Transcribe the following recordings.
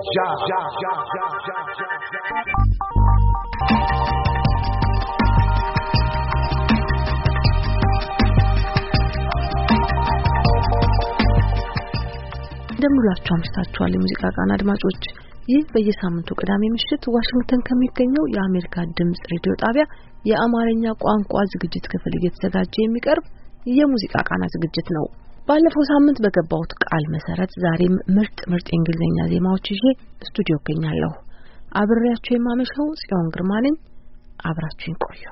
já, já, já, já, já, já, já, እንደምንላችሁ አምሽታችኋል። የሙዚቃ ቃና አድማጮች ይህ በየሳምንቱ ቅዳሜ ምሽት ዋሽንግተን ከሚገኘው የአሜሪካ ድምጽ ሬዲዮ ጣቢያ የአማርኛ ቋንቋ ዝግጅት ክፍል እየተዘጋጀ የሚቀርብ የሙዚቃ ቃና ዝግጅት ነው። ባለፈው ሳምንት በገባሁት ቃል መሰረት ዛሬም ምርጥ ምርጥ የእንግሊዝኛ ዜማዎች ይዤ ስቱዲዮ እገኛለሁ። አብሬያችሁ የማመሸው ጽዮን ግርማ ነኝ። አብራችሁኝ ቆዩ።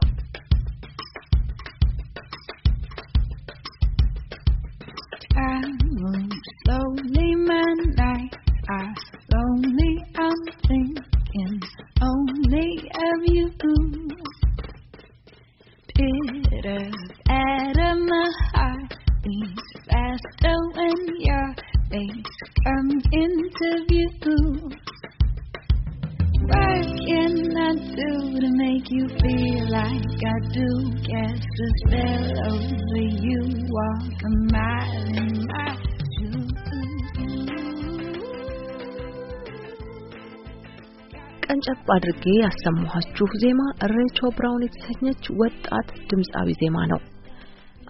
I do guess the spell over you walk a mile in my ቀንጨብ አድርጌ ያሰማኋችሁ ዜማ ሬቾ ብራውን የተሰኘች ወጣት ድምፃዊ ዜማ ነው።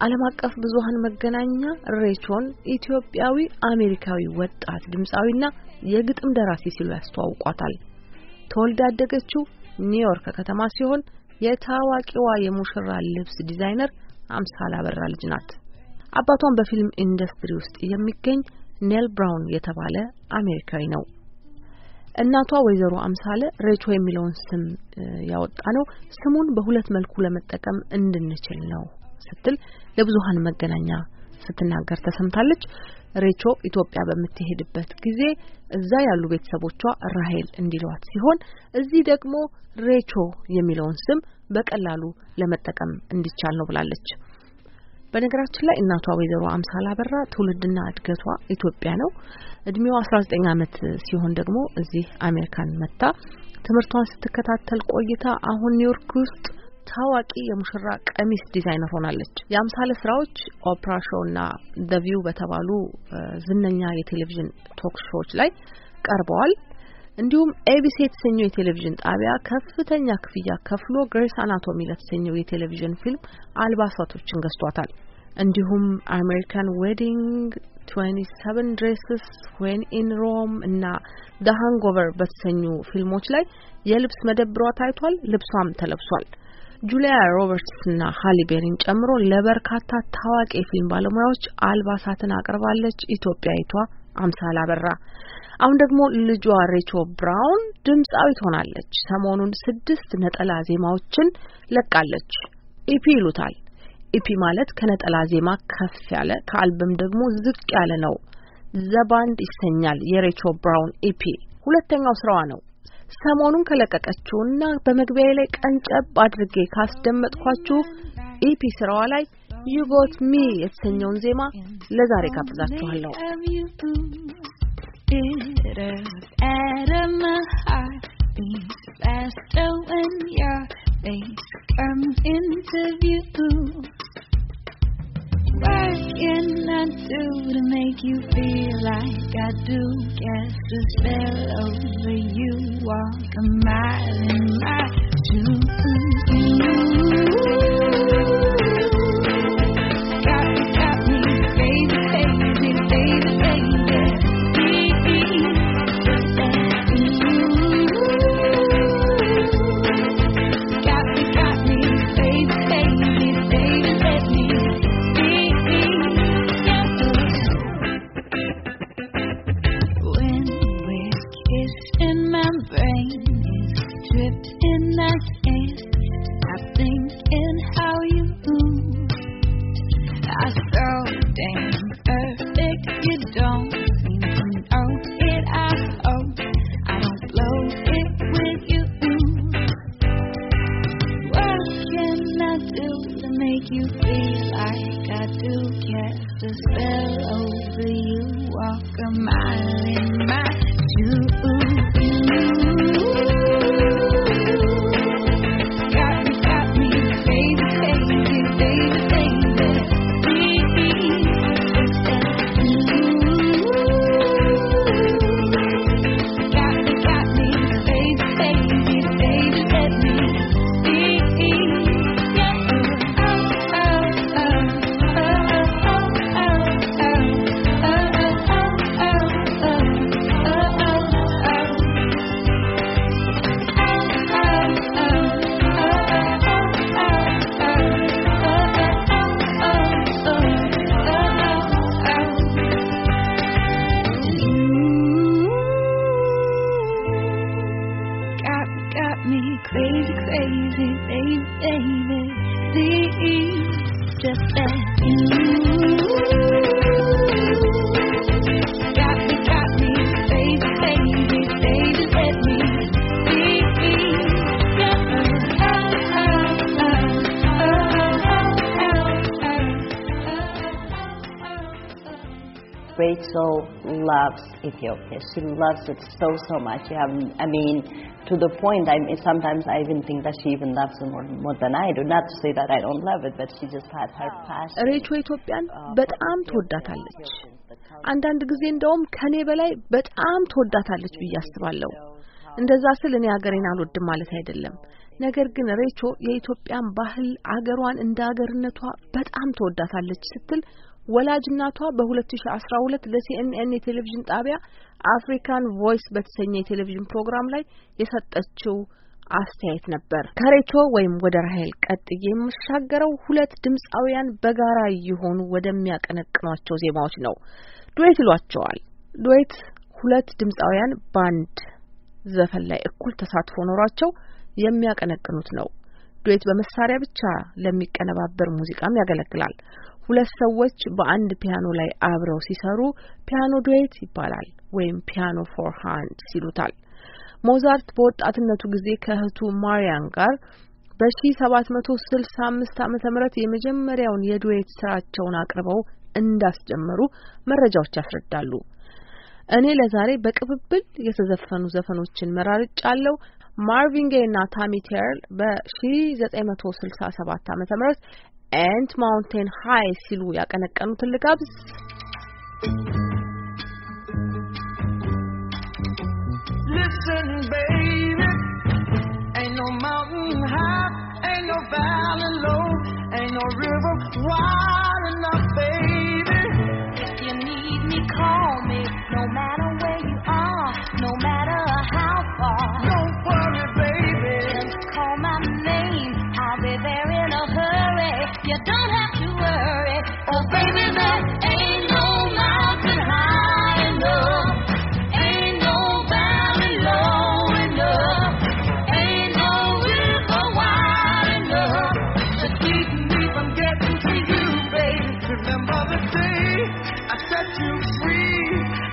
ዓለም አቀፍ ብዙሃን መገናኛ ሬቾን ኢትዮጵያዊ አሜሪካዊ ወጣት ድምፃዊና የግጥም ደራሲ ሲሉ ያስተዋውቋታል። ተወልዳ ያደገችው ኒውዮርክ ከተማ ሲሆን የታዋቂዋ የሙሽራ ልብስ ዲዛይነር አምሳል አበራ ልጅ ናት። አባቷን በፊልም ኢንዱስትሪ ውስጥ የሚገኝ ኔል ብራውን የተባለ አሜሪካዊ ነው። እናቷ ወይዘሮ አምሳለ ሬቾ የሚለውን ስም ያወጣ ነው ስሙን በሁለት መልኩ ለመጠቀም እንድንችል ነው ስትል ለብዙሃን መገናኛ ስትናገር ተሰምታለች። ሬቾ ኢትዮጵያ በምትሄድበት ጊዜ እዛ ያሉ ቤተሰቦቿ ራሄል እንዲሏት ሲሆን እዚህ ደግሞ ሬቾ የሚለውን ስም በቀላሉ ለመጠቀም እንዲቻል ነው ብላለች። በነገራችን ላይ እናቷ ወይዘሮ አምሳላ በራ ትውልድና እድገቷ ኢትዮጵያ ነው። እድሜዋ 19 ዓመት ሲሆን ደግሞ እዚህ አሜሪካን መታ ትምህርቷን ስትከታተል ቆይታ አሁን ኒውዮርክ ውስጥ ታዋቂ የሙሽራ ቀሚስ ዲዛይነር ሆናለች። የአምሳለ ስራዎች ኦፕራ ሾው እና ደቪው በተባሉ ዝነኛ የቴሌቪዥን ቶክ ሾዎች ላይ ቀርበዋል። እንዲሁም ኤቢሲ የተሰኘው የቴሌቪዥን ጣቢያ ከፍተኛ ክፍያ ከፍሎ ግሬስ አናቶሚ ለተሰኘው የቴሌቪዥን ፊልም አልባሳቶችን ገዝቷታል። እንዲሁም አሜሪካን ዌዲንግ፣ ትዌንቲ ሰቨን ድሬስስ፣ ዌን ኢን ሮም እና ዳሃንጎቨር በተሰኙ ፊልሞች ላይ የልብስ መደብሯ ታይቷል። ልብሷም ተለብሷል። ጁሊያ ሮበርትስ እና ሀሊቤሪን ጨምሮ ለበርካታ ታዋቂ የፊልም ባለሙያዎች አልባሳትን አቅርባለች። ኢትዮጵያዊቷ አምሳል አበራ አሁን ደግሞ ልጇ ሬቾ ብራውን ድምፃዊት ትሆናለች። ሰሞኑን ስድስት ነጠላ ዜማዎችን ለቃለች። ኢፒ ይሉታል። ኢፒ ማለት ከነጠላ ዜማ ከፍ ያለ ከአልበም ደግሞ ዝቅ ያለ ነው። ዘባንድ ይሰኛል የሬቾ ብራውን ኢፒ ሁለተኛው ስራዋ ነው። ሰሞኑን ከለቀቀችውና በመግቢያ ላይ ቀንጨብ አድርጌ ካስደመጥኳችሁ ኢፒ ስራዋ ላይ ዩ ጎት ሚ የተሰኘውን ዜማ ለዛሬ ጋብዛችኋለሁ። Faster when your face comes into view can do to make you feel like I do. Guess the spell over you. Walk a mile in my shoes. you feel like I do cast a spell over you. Walk a mile so loves Ethiopia. She loves it so, so much. You have, I mean, to the point, I mean, sometimes I even think that she even loves it more, more than I do. Not to say that I don't love it, but she just has her passion. Rachel Ethiopian, ሬቾ ኢትዮጵያን በጣም ትወዳታለች። አንዳንድ ጊዜ እንደውም ከኔ በላይ በጣም ትወዳታለች ብዬ አስባለሁ። እንደዛ ስል እኔ ሀገሬን አልወድም ማለት አይደለም። ነገር ግን ሬቾ የኢትዮጵያን ባህል አገሯን እንደ አገርነቷ በጣም ትወዳታለች ስትል ወላጅ እናቷ በ2012 ለሲኤንኤን የቴሌቪዥን ጣቢያ አፍሪካን ቮይስ በተሰኘ የቴሌቪዥን ፕሮግራም ላይ የሰጠችው አስተያየት ነበር። ከሬቾ ወይም ወደ ራሄል ቀጥዬ የምሻገረው ሁለት ድምፃውያን በጋራ እየሆኑ ወደሚያቀነቅኗቸው ዜማዎች ነው። ዱዌት ይሏቸዋል። ዱዌት ሁለት ድምፃውያን ባንድ ዘፈን ላይ እኩል ተሳትፎ ኖሯቸው የሚያቀነቅኑት ነው። ዱዌት በመሳሪያ ብቻ ለሚቀነባበር ሙዚቃም ያገለግላል። ሁለት ሰዎች በአንድ ፒያኖ ላይ አብረው ሲሰሩ ፒያኖ ዱዌት ይባላል ወይም ፒያኖ ፎር ሃንድ ሲሉታል። ሞዛርት በወጣትነቱ ጊዜ ከእህቱ ማሪያን ጋር በ1765 ዓ ም የመጀመሪያውን የዱዌት ስራቸውን አቅርበው እንዳስጀመሩ መረጃዎች ያስረዳሉ። እኔ ለዛሬ በቅብብል የተዘፈኑ ዘፈኖችን መራርጫለሁ። ማርቪን ጌይ እና ታሚ ቴርል በ1967 ዓ ም ኤንድ ማውንቴን ሃይ ሲሉ ያቀነቀኑትን ልጋብዝ። Listen, baby, ain't no mountain high, ain't no valley low, ain't no river wide enough.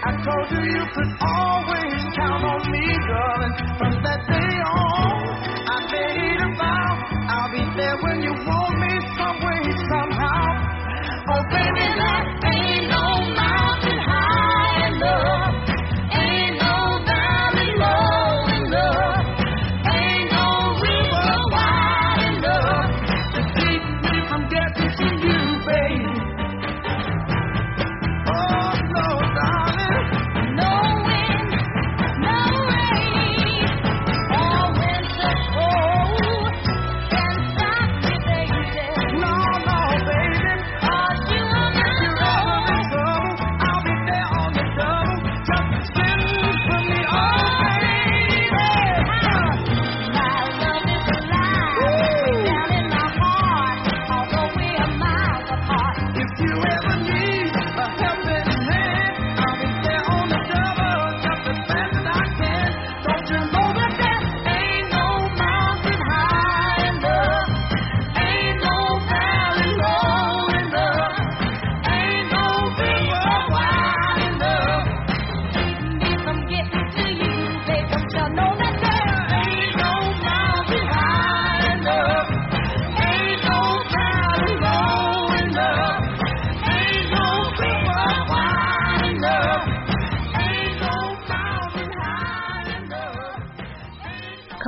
I told you you could always count on me, darling, from that day on.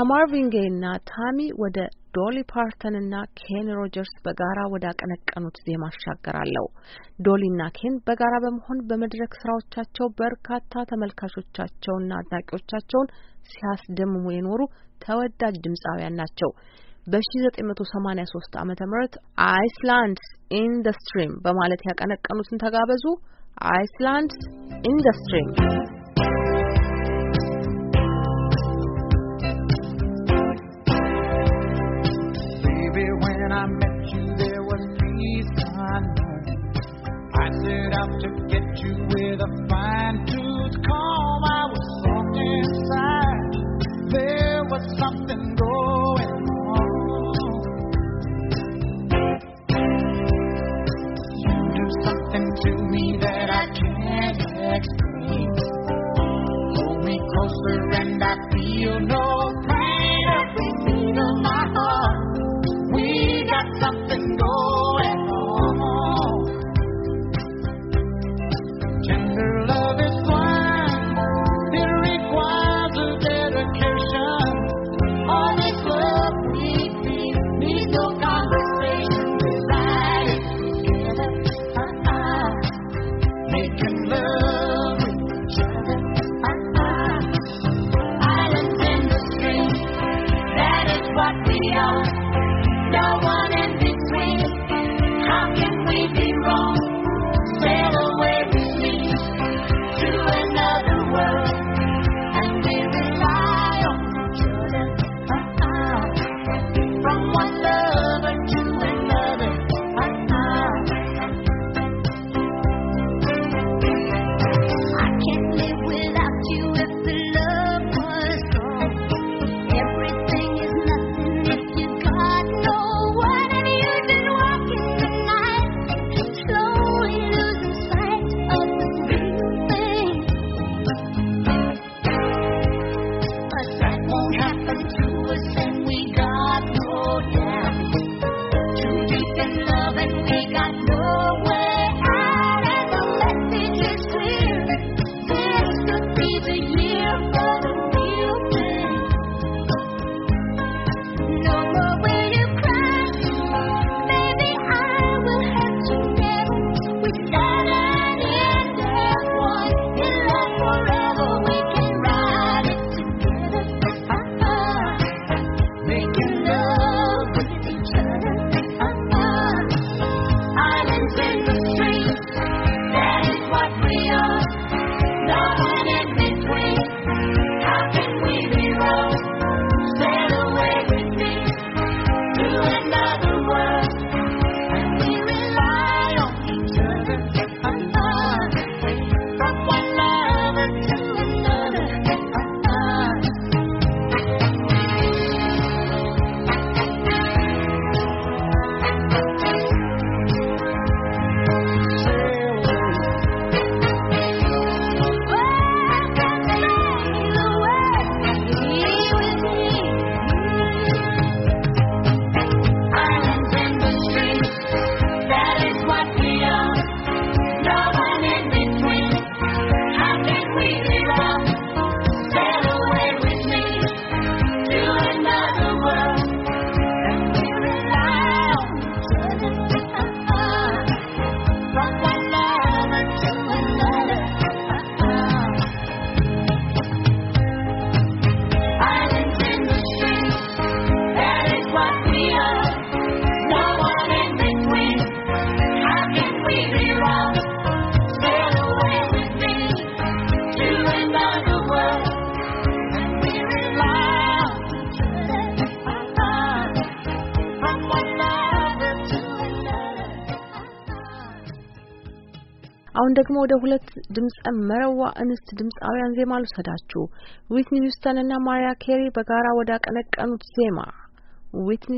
ከማርቪን ጌይ እና ታሚ ወደ ዶሊ ፓርተን እና ኬን ሮጀርስ በጋራ ወዳቀነቀኑት ዜማ አሻገራለሁ። ዶሊ እና ኬን በጋራ በመሆን በመድረክ ስራዎቻቸው በርካታ ተመልካቾቻቸውና አድናቂዎቻቸውን ሲያስደምሙ የኖሩ ተወዳጅ ድምፃውያን ናቸው። በ1983 ም አይስላንድስ ኢንደስትሪም በማለት ያቀነቀኑትን ተጋበዙ። አይስላንድስ ኢንደስትሪም I set out to get you with a fine tooth comb. I was soft inside. There was something going on. You do something to me that I can't explain. Hold me closer and I feel no. ደግሞ ወደ ሁለት ድምጸ መረዋ እንስት ድምፃውያን ዜማ ልውሰዳችሁ። ዊትኒ ሂውስተን እና ማሪያ ኬሪ በጋራ ወዳቀነቀኑት ዜማ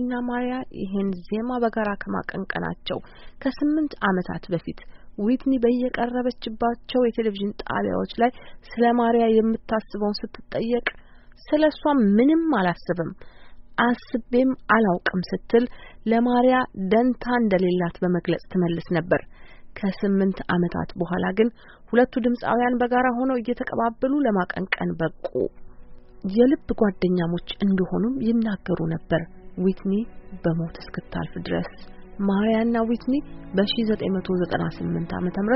እና ማሪያ ይሄን ዜማ በጋራ ከማቀንቀናቸው ከስምንት ዓመታት በፊት ዊትኒ በየቀረበችባቸው የቴሌቪዥን ጣቢያዎች ላይ ስለ ማሪያ የምታስበውን ስትጠየቅ ስለ እሷ ምንም አላስብም አስቤም አላውቅም ስትል ለማሪያ ደንታ እንደሌላት በመግለጽ ትመልስ ነበር። ከስምንት ዓመታት በኋላ ግን ሁለቱ ድምፃውያን በጋራ ሆነው እየተቀባበሉ ለማቀንቀን በቁ። የልብ ጓደኛሞች እንደሆኑም ይናገሩ ነበር ዊትኒ በሞት እስክታልፍ ድረስ። ማሪያና ዊትኒ በ1998 ዓ.ም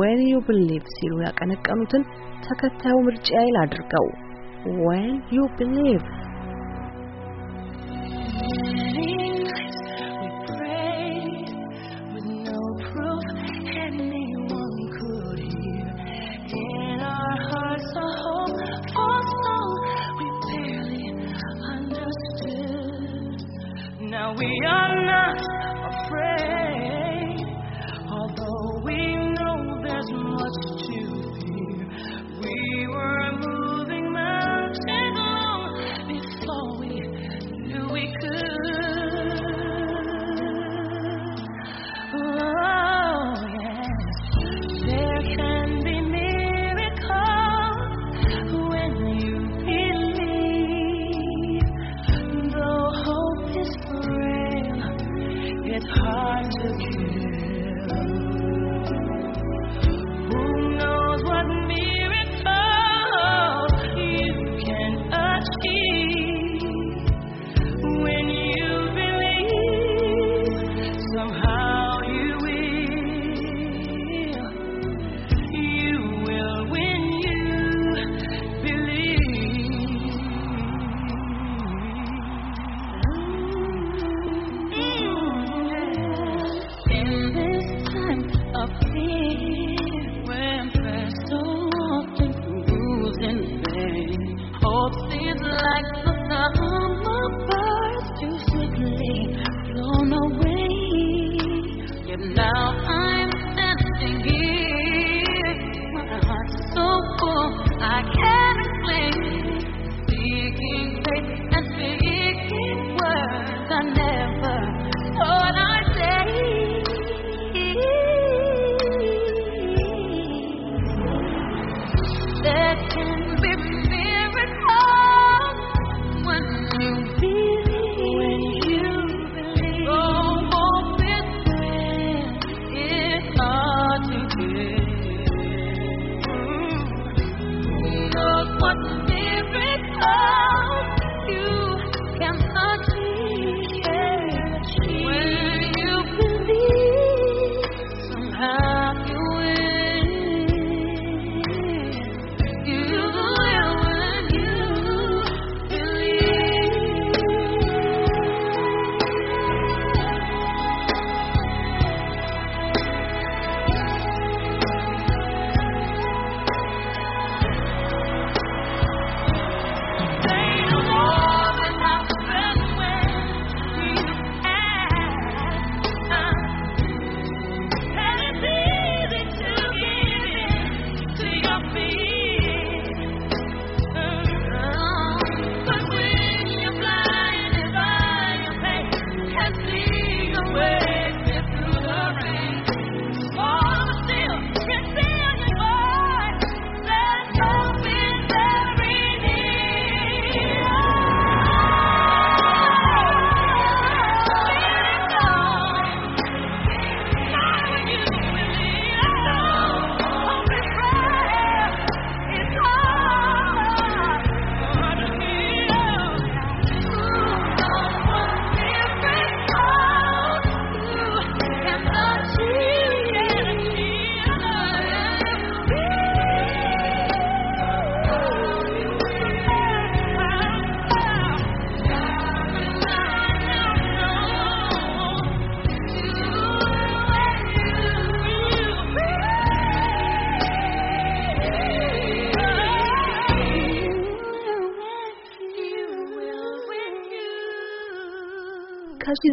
ዌን ዩ ቢሊቭ ሲሉ ያቀነቀኑትን ተከታዩ ምርጫ ይል አድርገው ዌን ዩ ቢሊቭ we are not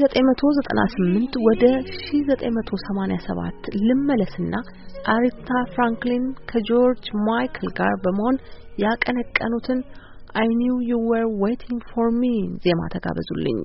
1998 ወደ 1987 ልመለስና አሪታ ፍራንክሊን ከጆርጅ ማይክል ጋር በመሆን ያቀነቀኑትን I knew you were waiting for me ዜማ ተጋበዙልኝ።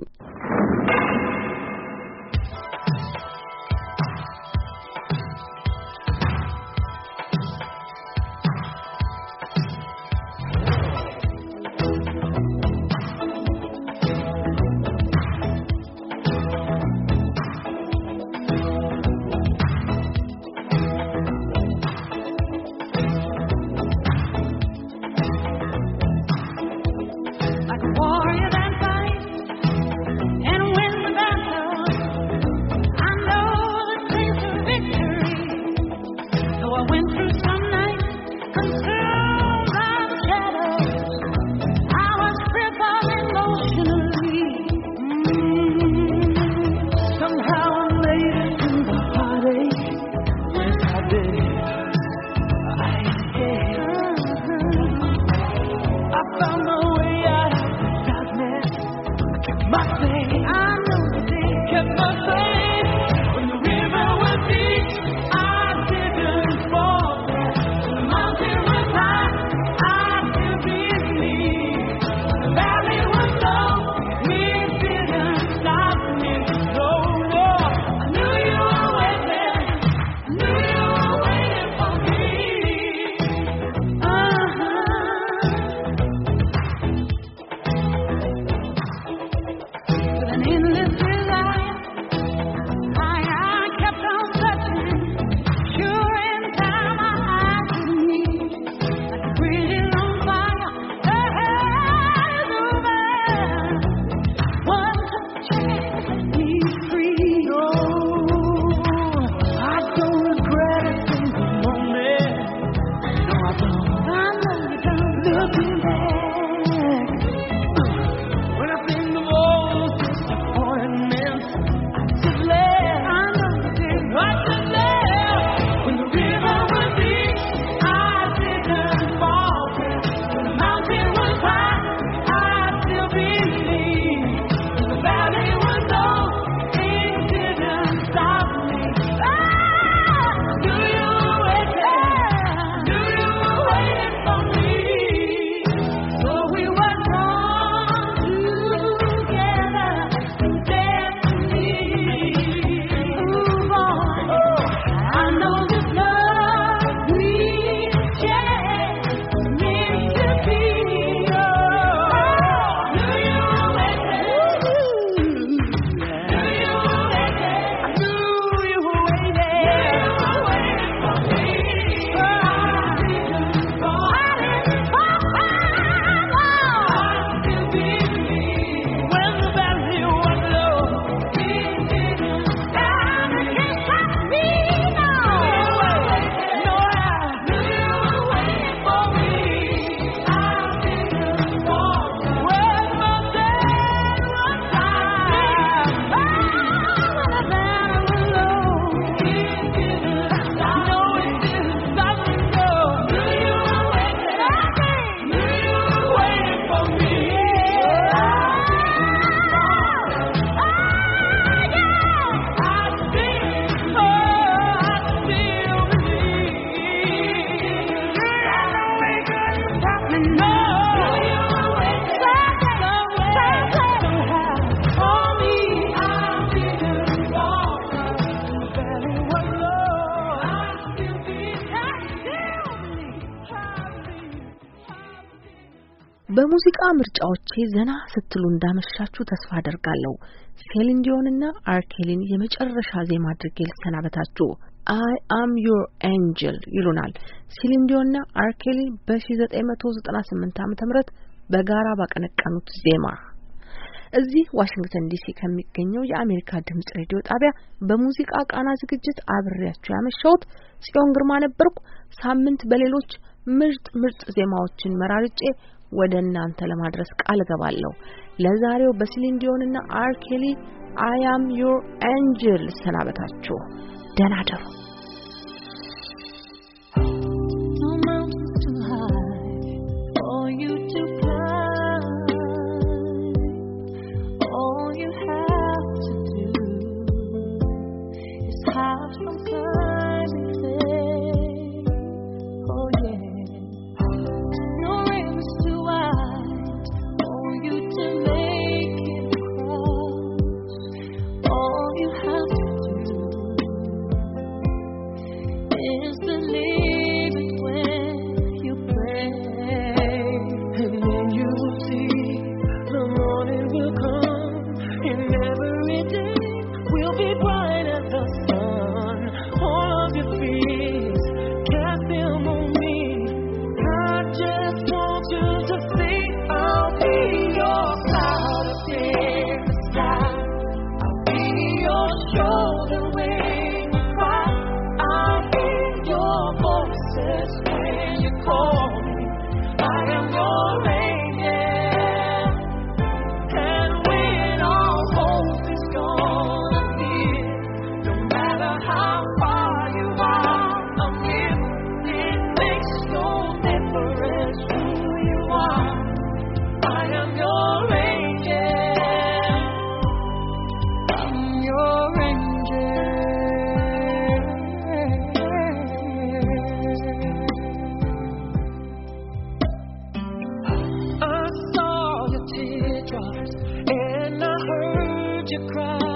ዘና ስትሉ እንዳመሻችሁ ተስፋ አደርጋለሁ። ሴሊን ዲዮንና አርኬሊን የመጨረሻ ዜማ አድርጌ ልሰናበታችሁ። አይ አም ዮር ኤንጀል ይሉናል ሴሊን ዲዮንና አርኬሊን በ1998 ዓ.ም በጋራ ባቀነቀኑት ዜማ እዚህ ዋሽንግተን ዲሲ ከሚገኘው የአሜሪካ ድምጽ ሬዲዮ ጣቢያ በሙዚቃ ቃና ዝግጅት አብሬያችሁ ያመሻውት ጽዮን ግርማ ነበርኩ። ሳምንት በሌሎች ምርጥ ምርጥ ዜማዎችን መራርጬ ወደ እናንተ ለማድረስ ቃል ገባለሁ። ለዛሬው በሲሊን ዲዮንና አር ኬሊ አይ አም ዩር አንጀል ሰናበታችሁ። ደህና you cry.